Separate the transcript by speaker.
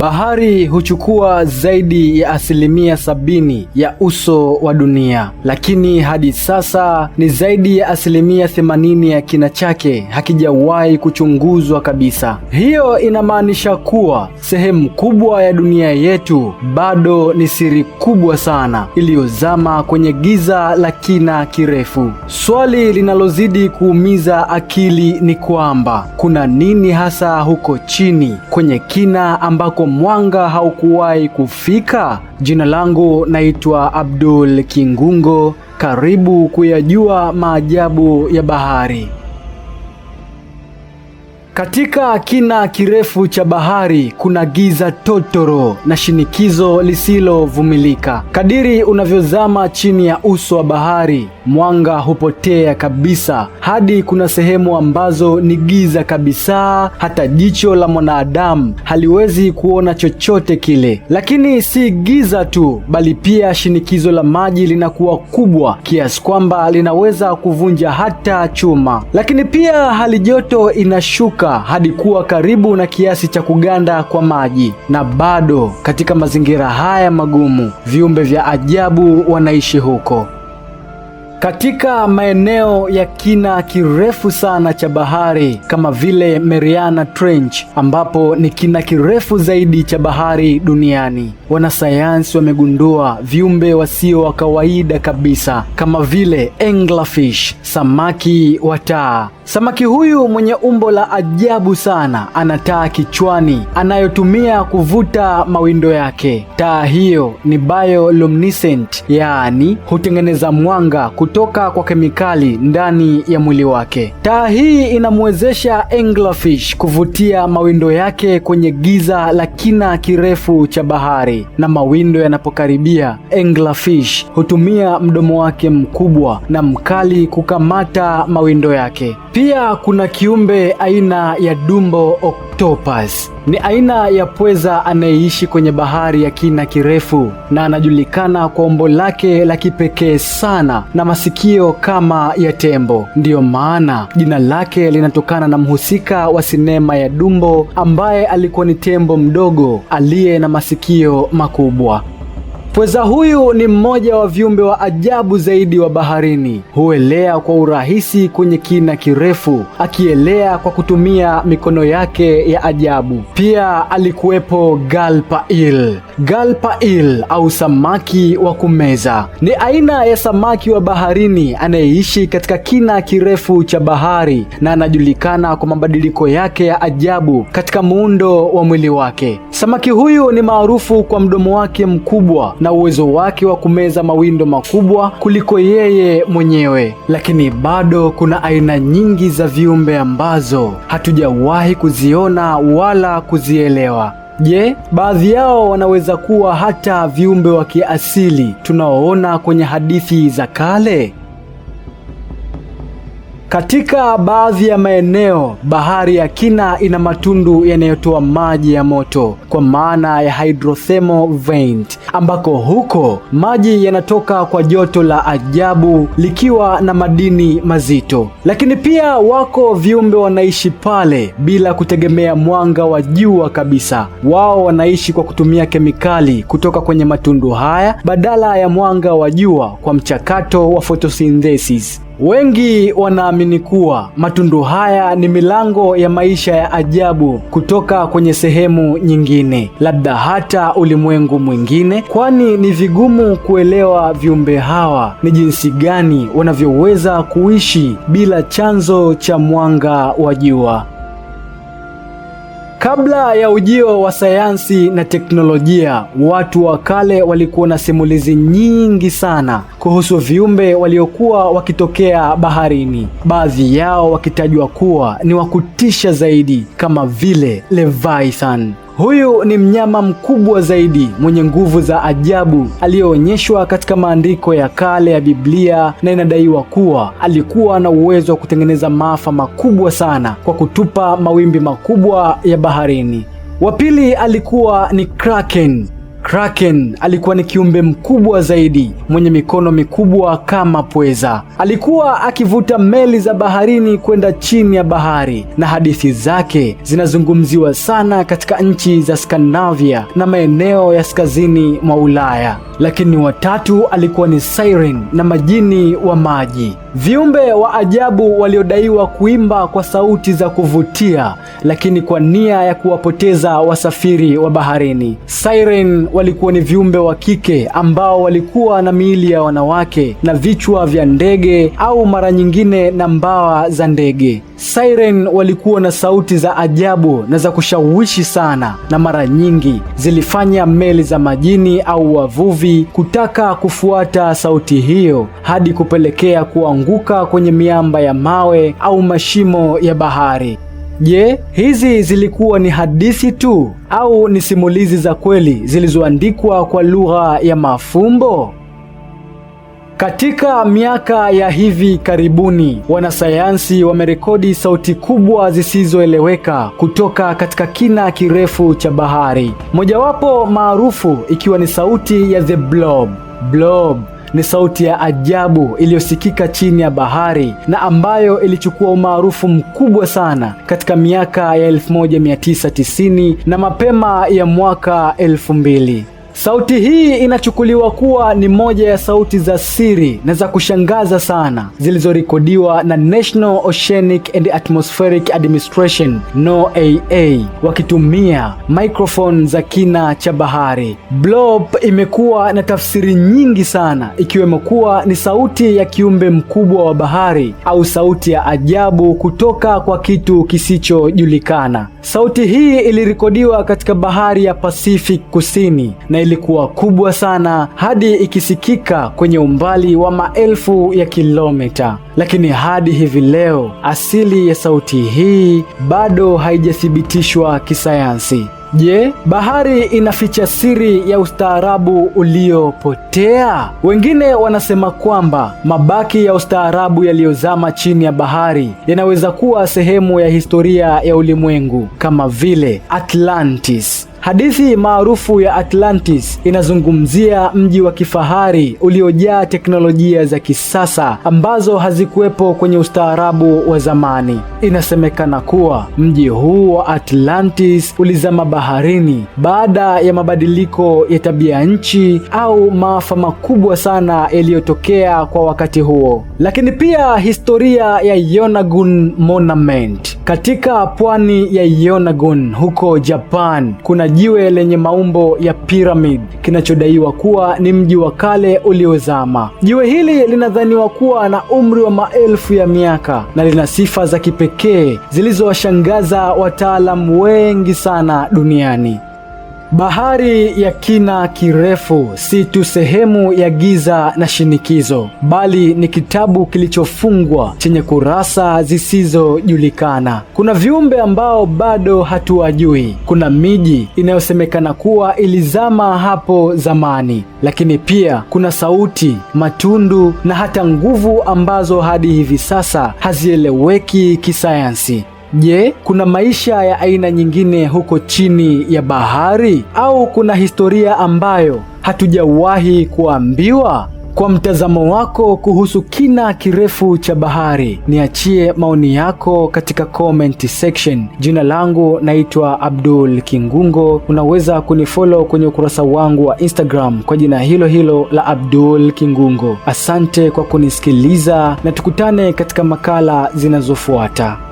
Speaker 1: Bahari huchukua zaidi ya asilimia sabini ya uso wa dunia, lakini hadi sasa ni zaidi ya asilimia themanini ya kina chake hakijawahi kuchunguzwa kabisa. Hiyo inamaanisha kuwa sehemu kubwa ya dunia yetu bado ni siri kubwa sana iliyozama kwenye giza la kina kirefu. Swali linalozidi kuumiza akili ni kwamba kuna nini hasa huko chini kwenye kina ambako mwanga haukuwahi kufika. Jina langu naitwa Abdul Kingungo, karibu kuyajua maajabu ya bahari. Katika kina kirefu cha bahari kuna giza totoro na shinikizo lisilovumilika. Kadiri unavyozama chini ya uso wa bahari mwanga hupotea kabisa hadi kuna sehemu ambazo ni giza kabisa, hata jicho la mwanadamu haliwezi kuona chochote kile. Lakini si giza tu, bali pia shinikizo la maji linakuwa kubwa kiasi kwamba linaweza kuvunja hata chuma. Lakini pia hali joto inashuka hadi kuwa karibu na kiasi cha kuganda kwa maji, na bado katika mazingira haya magumu viumbe vya ajabu wanaishi huko. Katika maeneo ya kina kirefu sana cha bahari kama vile Mariana Trench ambapo ni kina kirefu zaidi cha bahari duniani, wanasayansi wamegundua viumbe wasio wa kawaida kabisa kama vile anglerfish, samaki wa taa. Samaki huyu mwenye umbo la ajabu sana ana taa kichwani anayotumia kuvuta mawindo yake. Taa hiyo ni bioluminescent, yaani hutengeneza mwanga kutoka kwa kemikali ndani ya mwili wake. Taa hii inamwezesha anglerfish kuvutia mawindo yake kwenye giza la kina kirefu cha bahari, na mawindo yanapokaribia, anglerfish hutumia mdomo wake mkubwa na mkali kukamata mawindo yake. Pia kuna kiumbe aina ya Dumbo octopus. Ni aina ya pweza anayeishi kwenye bahari ya kina kirefu na anajulikana kwa umbo lake la kipekee sana na masikio kama ya tembo. Ndiyo maana jina lake linatokana na mhusika wa sinema ya Dumbo ambaye alikuwa ni tembo mdogo aliye na masikio makubwa. Pweza huyu ni mmoja wa viumbe wa ajabu zaidi wa baharini. Huelea kwa urahisi kwenye kina kirefu, akielea kwa kutumia mikono yake ya ajabu. Pia alikuwepo Galpail. Galpail au samaki wa kumeza ni aina ya samaki wa baharini anayeishi katika kina kirefu cha bahari na anajulikana kwa mabadiliko yake ya ajabu katika muundo wa mwili wake. Samaki huyu ni maarufu kwa mdomo wake mkubwa na uwezo wake wa kumeza mawindo makubwa kuliko yeye mwenyewe, lakini bado kuna aina nyingi za viumbe ambazo hatujawahi kuziona wala kuzielewa. Je, baadhi yao wanaweza kuwa hata viumbe wa kiasili tunaoona kwenye hadithi za kale? Katika baadhi ya maeneo bahari ya kina ina matundu yanayotoa maji ya moto kwa maana ya hydrothermal vent, ambako huko maji yanatoka kwa joto la ajabu likiwa na madini mazito. Lakini pia wako viumbe wanaishi pale bila kutegemea mwanga wa jua kabisa. Wao wanaishi kwa kutumia kemikali kutoka kwenye matundu haya badala ya mwanga wa jua kwa mchakato wa photosynthesis. Wengi wanaamini kuwa matundu haya ni milango ya maisha ya ajabu kutoka kwenye sehemu nyingine, labda hata ulimwengu mwingine, kwani ni vigumu kuelewa viumbe hawa ni jinsi gani wanavyoweza kuishi bila chanzo cha mwanga wa jua. Kabla ya ujio wa sayansi na teknolojia, watu wa kale walikuwa na simulizi nyingi sana kuhusu viumbe waliokuwa wakitokea baharini, baadhi yao wakitajwa kuwa ni wa kutisha zaidi kama vile Leviathan. Huyu ni mnyama mkubwa zaidi mwenye nguvu za ajabu aliyoonyeshwa katika maandiko ya kale ya Biblia, na inadaiwa kuwa alikuwa na uwezo wa kutengeneza maafa makubwa sana kwa kutupa mawimbi makubwa ya baharini. Wa pili alikuwa ni Kraken. Kraken alikuwa ni kiumbe mkubwa zaidi mwenye mikono mikubwa kama pweza. Alikuwa akivuta meli za baharini kwenda chini ya bahari, na hadithi zake zinazungumziwa sana katika nchi za Skandinavia na maeneo ya kaskazini mwa Ulaya. Lakini watatu alikuwa ni siren na majini wa maji. Viumbe wa ajabu waliodaiwa kuimba kwa sauti za kuvutia lakini kwa nia ya kuwapoteza wasafiri wa baharini. Siren walikuwa ni viumbe wa kike ambao walikuwa na miili ya wanawake na vichwa vya ndege au mara nyingine na mbawa za ndege. Siren walikuwa na sauti za ajabu na za kushawishi sana, na mara nyingi zilifanya meli za majini au wavuvi kutaka kufuata sauti hiyo hadi kupelekea kuwa kuanguka kwenye miamba ya mawe au mashimo ya bahari. Je, hizi zilikuwa ni hadithi tu au ni simulizi za kweli zilizoandikwa kwa lugha ya mafumbo? Katika miaka ya hivi karibuni, wanasayansi wamerekodi sauti kubwa zisizoeleweka kutoka katika kina kirefu cha bahari. Mojawapo maarufu ikiwa ni sauti ya the blob blob ni sauti ya ajabu iliyosikika chini ya bahari na ambayo ilichukua umaarufu mkubwa sana katika miaka ya 1990 na mapema ya mwaka 2000. Sauti hii inachukuliwa kuwa ni moja ya sauti za siri na za kushangaza sana zilizorekodiwa na National Oceanic and Atmospheric Administration NOAA wakitumia microphone za kina cha bahari. Blob imekuwa na tafsiri nyingi sana ikiwemo kuwa ni sauti ya kiumbe mkubwa wa bahari au sauti ya ajabu kutoka kwa kitu kisichojulikana. Sauti hii ilirekodiwa katika bahari ya Pacific Kusini na ilikuwa kubwa sana hadi ikisikika kwenye umbali wa maelfu ya kilomita, lakini hadi hivi leo asili ya sauti hii bado haijathibitishwa kisayansi. Je, bahari inaficha siri ya ustaarabu uliopotea? Wengine wanasema kwamba mabaki ya ustaarabu yaliyozama chini ya bahari yanaweza kuwa sehemu ya historia ya ulimwengu kama vile Atlantis. Hadithi maarufu ya Atlantis inazungumzia mji wa kifahari uliojaa teknolojia za kisasa ambazo hazikuwepo kwenye ustaarabu wa zamani. Inasemekana kuwa mji huu wa Atlantis ulizama baharini baada ya mabadiliko ya tabia nchi au maafa makubwa sana yaliyotokea kwa wakati huo. Lakini pia historia ya Yonagun Monument katika pwani ya Yonagun huko Japan kuna jiwe lenye maumbo ya piramidi kinachodaiwa kuwa ni mji wa kale uliozama. Jiwe hili linadhaniwa kuwa na umri wa maelfu ya miaka na lina sifa za kipekee zilizowashangaza wataalamu wengi sana duniani. Bahari ya kina kirefu si tu sehemu ya giza na shinikizo, bali ni kitabu kilichofungwa chenye kurasa zisizojulikana. Kuna viumbe ambao bado hatuwajui, kuna miji inayosemekana kuwa ilizama hapo zamani, lakini pia kuna sauti, matundu na hata nguvu ambazo hadi hivi sasa hazieleweki kisayansi. Je, kuna maisha ya aina nyingine huko chini ya bahari au kuna historia ambayo hatujawahi kuambiwa? Kwa mtazamo wako kuhusu kina kirefu cha bahari, niachie maoni yako katika comment section. Jina langu naitwa Abdul Kingungo. Unaweza kunifollow kwenye ukurasa wangu wa Instagram kwa jina hilo hilo la Abdul Kingungo. Asante kwa kunisikiliza na tukutane katika makala zinazofuata.